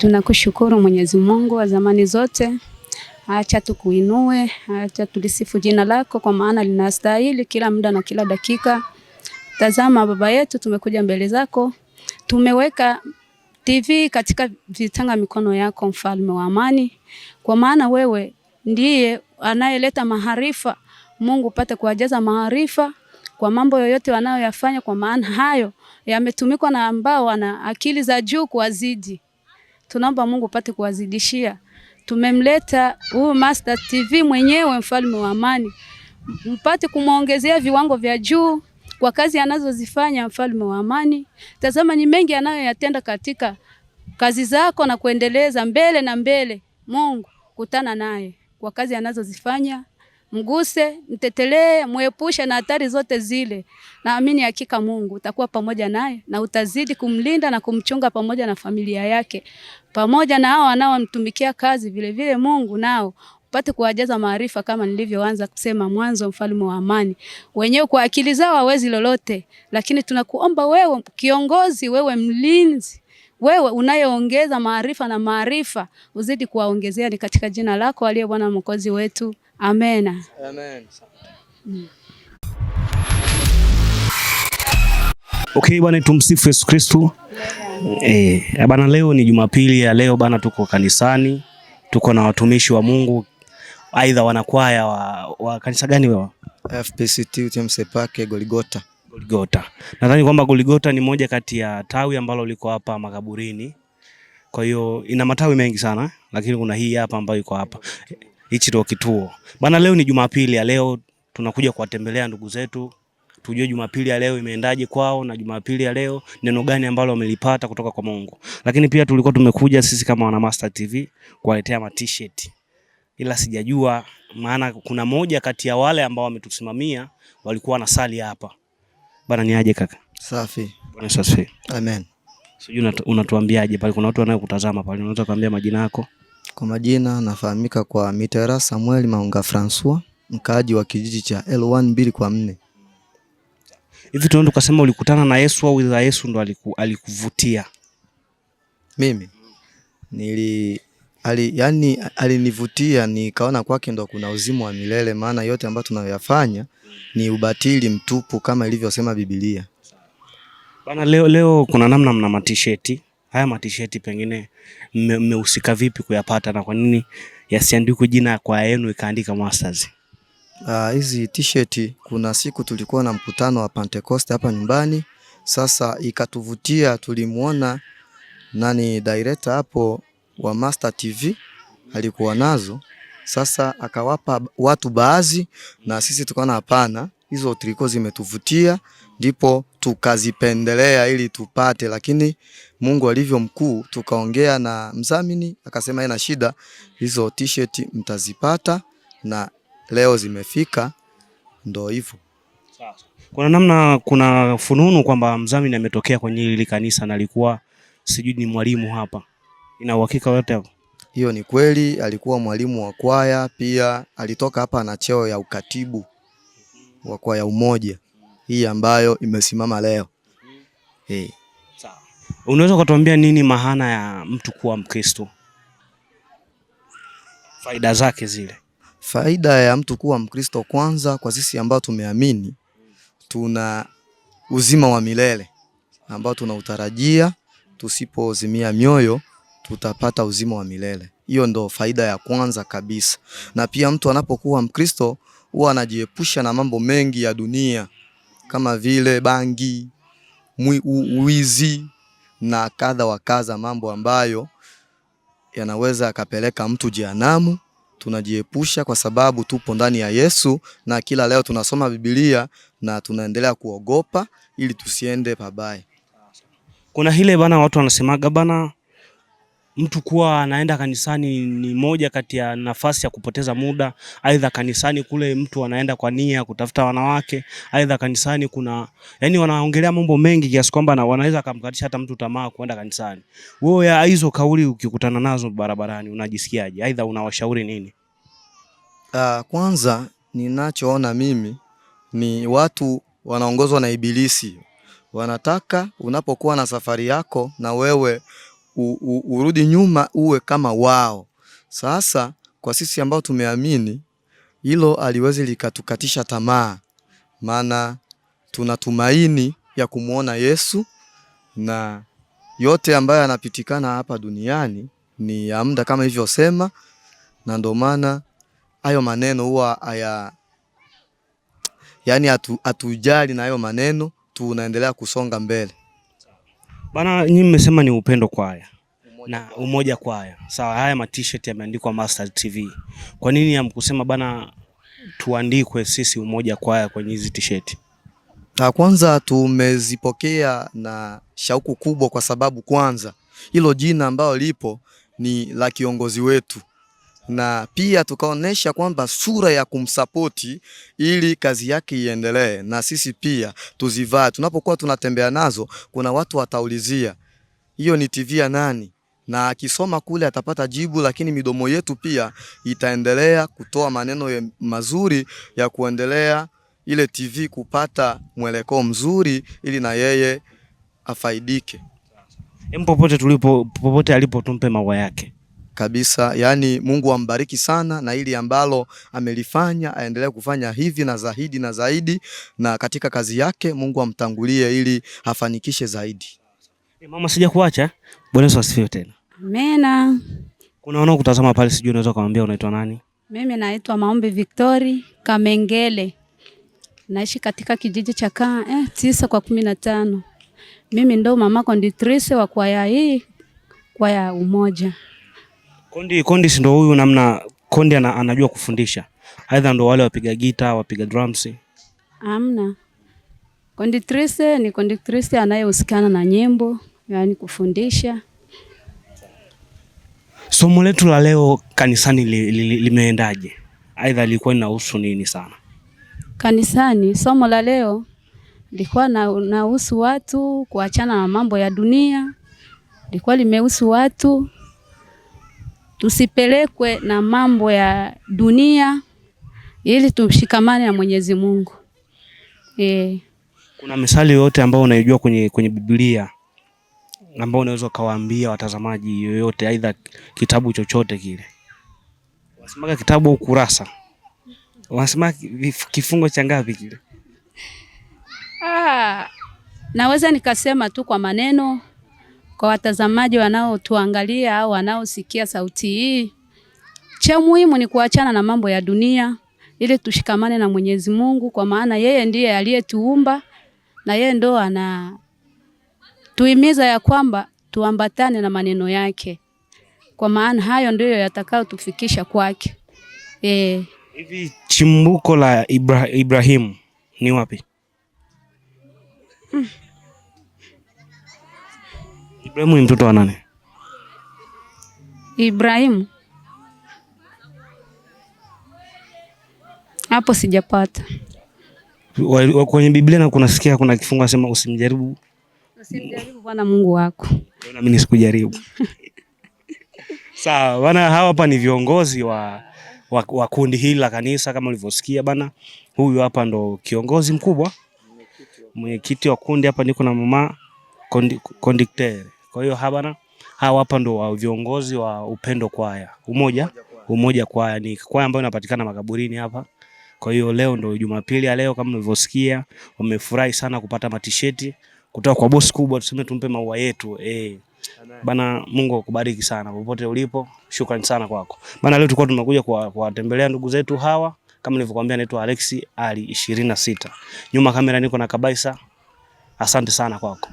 Tunakushukuru Mwenyezi Mungu wa zamani zote, acha tukuinue, acha tulisifu jina lako, kwa maana linastahili kila muda na kila dakika. Tazama baba yetu, tumekuja mbele zako, tumeweka TV katika vitanga mikono yako, mfalme wa amani, kwa maana wewe ndiye anayeleta maharifa. Mungu upate kuwajaza maharifa kwa mambo yoyote wanayoyafanya, kwa maana hayo yametumikwa na ambao wana akili za juu kuwazidi tunaomba Mungu upate kuwazidishia. Tumemleta huyu Master TV mwenyewe, mfalme wa amani, mpate kumwongezea viwango vya juu kwa kazi anazozifanya. Mfalme wa amani, tazama ni mengi anayoyatenda katika kazi zako na kuendeleza mbele na mbele. Mungu kutana naye kwa kazi anazozifanya mguse, mtetelee, mwepushe na hatari zote zile. Naamini hakika Mungu utakuwa pamoja naye na utazidi kumlinda na kumchunga pamoja na familia yake, pamoja na hao wanaomtumikia kazi vile Vile Mungu nao upate kuwajaza maarifa kama nilivyoanza kusema mwanzo, mfalme wa amani. Wenyewe kwa akili zao hawezi lolote, lakini tunakuomba wewe kiongozi, wewe mlinzi wewe unayeongeza maarifa na maarifa, uzidi kuwaongezea. Ni katika jina lako aliye Bwana mwokozi wetu Amena. Amen. Mm. Okay, bwana tumsifu Yesu Kristo. Eh, bana leo ni Jumapili ya leo bana tuko kanisani, tuko na watumishi wa Mungu aidha wanakwaya wa, wa kanisa gani wewe? FPCT UTMC Park Goligota. Goligota. Nadhani kwamba Goligota ni moja kati ya tawi ambalo liko hapa makaburini. Kwa hiyo ina matawi mengi sana, lakini kuna hii hapa ambayo iko hapa hichi ndio kituo bana. Leo ni Jumapili ya leo, tunakuja kuwatembelea ndugu zetu, tujue Jumapili ya leo imeendaje kwao na Jumapili ya leo neno gani ambalo wamelipata kutoka kwa Mungu. Lakini pia tulikuwa tumekuja sisi kama wana Master TV kuwaletea ma t-shirt, ila sijajua maana, kuna moja kati ya wale ambao wametusimamia walikuwa na sali hapa bana. Ni aje kaka? Safi bwana, safi amen. Sijui unatuambiaje pale, kuna watu wanayokutazama pale, unaweza kuambia majina yako? Kwa majina nafahamika kwa Mitera Samuel Maunga Francois, mkaaji wa kijiji cha L1 mbili kwa nne. Hivi tunaweza tukasema ulikutana na Yesu au ila Yesu ndo aliku, alikuvutia? Mimi nili ali, yani alinivutia nikaona kwake ndo kuna uzima wa milele, maana yote ambayo tunayoyafanya ni ubatili mtupu kama ilivyosema Biblia. Bana leo, leo kuna namna mna matisheti haya matisheti pengine mmehusika vipi kuyapata na kwa nini yasiandikwe jina kwa yenu ikaandika Masters? Ah, hizi uh, tisheti kuna siku tulikuwa na mkutano wa Pentecost hapa nyumbani. Sasa ikatuvutia, tulimwona nani director hapo wa Master TV alikuwa nazo, sasa akawapa watu baadhi, na sisi tukaona hapana, hizo triko zimetuvutia ndipo tukazipendelea ili tupate, lakini Mungu alivyo mkuu, tukaongea na mzamini akasema ina shida, hizo t-shirt mtazipata na leo zimefika, ndo hivyo. Kuna namna, kuna fununu kwamba mzamini ametokea kwenye hili kanisa na alikuwa sijui ni mwalimu hapa, ina uhakika wote hapo? Hiyo ni kweli, alikuwa mwalimu wa kwaya, pia alitoka hapa na cheo ya ukatibu wa kwaya Umoja hii ambayo imesimama leo hmm. eh. Unaweza kutuambia nini maana ya mtu kuwa Mkristo? Faida zake zile. Faida ya mtu kuwa Mkristo, kwanza kwa sisi ambao tumeamini tuna uzima wa milele ambao tunautarajia, tusipozimia mioyo tutapata uzima wa milele. Hiyo ndo faida ya kwanza kabisa. Na pia mtu anapokuwa Mkristo huwa anajiepusha na mambo mengi ya dunia kama vile bangi, wizi na kadha wa kadha, mambo ambayo yanaweza yakapeleka mtu jehanamu. Tunajiepusha kwa sababu tupo ndani ya Yesu, na kila leo tunasoma Biblia na tunaendelea kuogopa ili tusiende pabaya. Kuna hile bana, watu wanasemaga bana mtu kuwa anaenda kanisani ni moja kati ya nafasi ya kupoteza muda. Aidha kanisani kule mtu anaenda kwa nia ya kutafuta wanawake, aidha kanisani kuna yani, wanaongelea mambo mengi kiasi kwamba na wanaweza kumkatisha hata mtu tamaa kwenda kanisani. Wewe ya hizo kauli ukikutana nazo barabarani unajisikiaje? Aidha unawashauri nini? Uh, kwanza ninachoona mimi ni watu wanaongozwa na Ibilisi, wanataka unapokuwa na safari yako na wewe u, u, urudi nyuma uwe kama wao. Sasa kwa sisi ambao tumeamini hilo aliwezi likatukatisha tamaa, maana tuna tumaini ya kumwona Yesu na yote ambayo yanapitikana hapa duniani ni ya muda kama ilivyosema, na ndio maana hayo maneno huwa haya, yani hatujali na hayo maneno, tunaendelea kusonga mbele. Bana, nyinyi mmesema ni upendo kwaya na umoja kwaya, sawa. Haya t-shirt yameandikwa Mastaz TV, kwa nini hamkusema bana tuandikwe sisi umoja kwaya kwenye hizi Na ah, Kwanza tumezipokea na shauku kubwa, kwa sababu kwanza hilo jina ambalo lipo ni la kiongozi wetu na pia tukaonesha kwamba sura ya kumsapoti ili kazi yake iendelee, na sisi pia tuzivaa. Tunapokuwa tunatembea nazo, kuna watu wataulizia hiyo ni TV ya nani, na akisoma kule atapata jibu, lakini midomo yetu pia itaendelea kutoa maneno mazuri ya kuendelea ile TV kupata mwelekeo mzuri, ili na yeye afaidike. Popote tulipo, popote alipo, tumpe maua yake kabisa. Yaani Mungu ambariki sana na ili ambalo amelifanya aendelee kufanya hivi na zaidi na zaidi, na katika kazi yake Mungu amtangulie ili afanikishe zaidi. Hey, eh, mama sija kuacha. Bwana Yesu asifiwe tena. Mena. Kuna wanao kutazama pale, sijui unaweza kumwambia unaitwa nani? Mimi naitwa Maombi Victory Kamengele, naishi katika kijiji cha kaa eh, tisa kwa kumi na tano. Mimi ndo mama konditrisi wa kwaya hii, kwaya Umoja. Kondi, Kondi si ndo huyu namna Kondi ana, anajua kufundisha aidha ndo wale wapiga gita wapiga drums. Amna. Konditrese ni konditrese anayehusikana na nyimbo, yani kufundisha. Somo letu la leo kanisani limeendaje? Li, li, aidha lilikuwa linahusu nini sana kanisani? Somo la leo lilikuwa nahusu watu kuachana na mambo ya dunia, lilikuwa limehusu watu tusipelekwe na mambo ya dunia ili tushikamane na Mwenyezi Mungu. E. Kuna misali yoyote ambayo unaijua kwenye, kwenye Biblia ambao unaweza ukawaambia watazamaji yoyote, aidha kitabu chochote kile? Wanasemaga kitabu au kurasa, wanasema kifungo cha ngapi kile? Ah, naweza nikasema tu kwa maneno kwa watazamaji wanaotuangalia au wanaosikia sauti hii, cha muhimu ni kuachana na mambo ya dunia ili tushikamane na Mwenyezi Mungu, kwa maana yeye ndiye aliyetuumba na yeye ndo anatuhimiza ya kwamba tuambatane na maneno yake, kwa maana hayo ndiyo yatakayotufikisha kwake. E, hivi chimbuko la Ibra Ibrahimu ni wapi? mm. Ibrahimu ni mtoto wa nani? Ibrahimu hapo sijapata kwenye Biblia na kunasikia kuna kifungu nasema usimjaribu usimjaribu Bwana Mungu wako. Na mimi sikujaribu. Sawa bana, hawa hapa ni viongozi wa, wa, wa kundi hili la kanisa kama ulivyosikia bana. Huyu hapa ndo kiongozi mkubwa, mwenyekiti wa kundi hapa. Niko na mama kondikteri. Kwa hiyo hawana hawa hapa ndo wa viongozi wa Upendo Kwaya, umoja umoja kwaya ni kwaya ambayo inapatikana makaburini hapa. Kwa hiyo leo ndo Jumapili ya leo, kama mlivyosikia, wamefurahi sana kupata matisheti kutoka kwa bosi kubwa, tuseme tumpe maua yetu eh. Bana, Mungu akubariki sana popote ulipo, shukrani sana kwako bana. Leo tulikuwa tunakuja kuwatembelea ndugu zetu hawa, kama nilivyokuambia, naitwa Alexi Ali 26 nyuma kamera niko na Kabaisa. Asante sana kwako.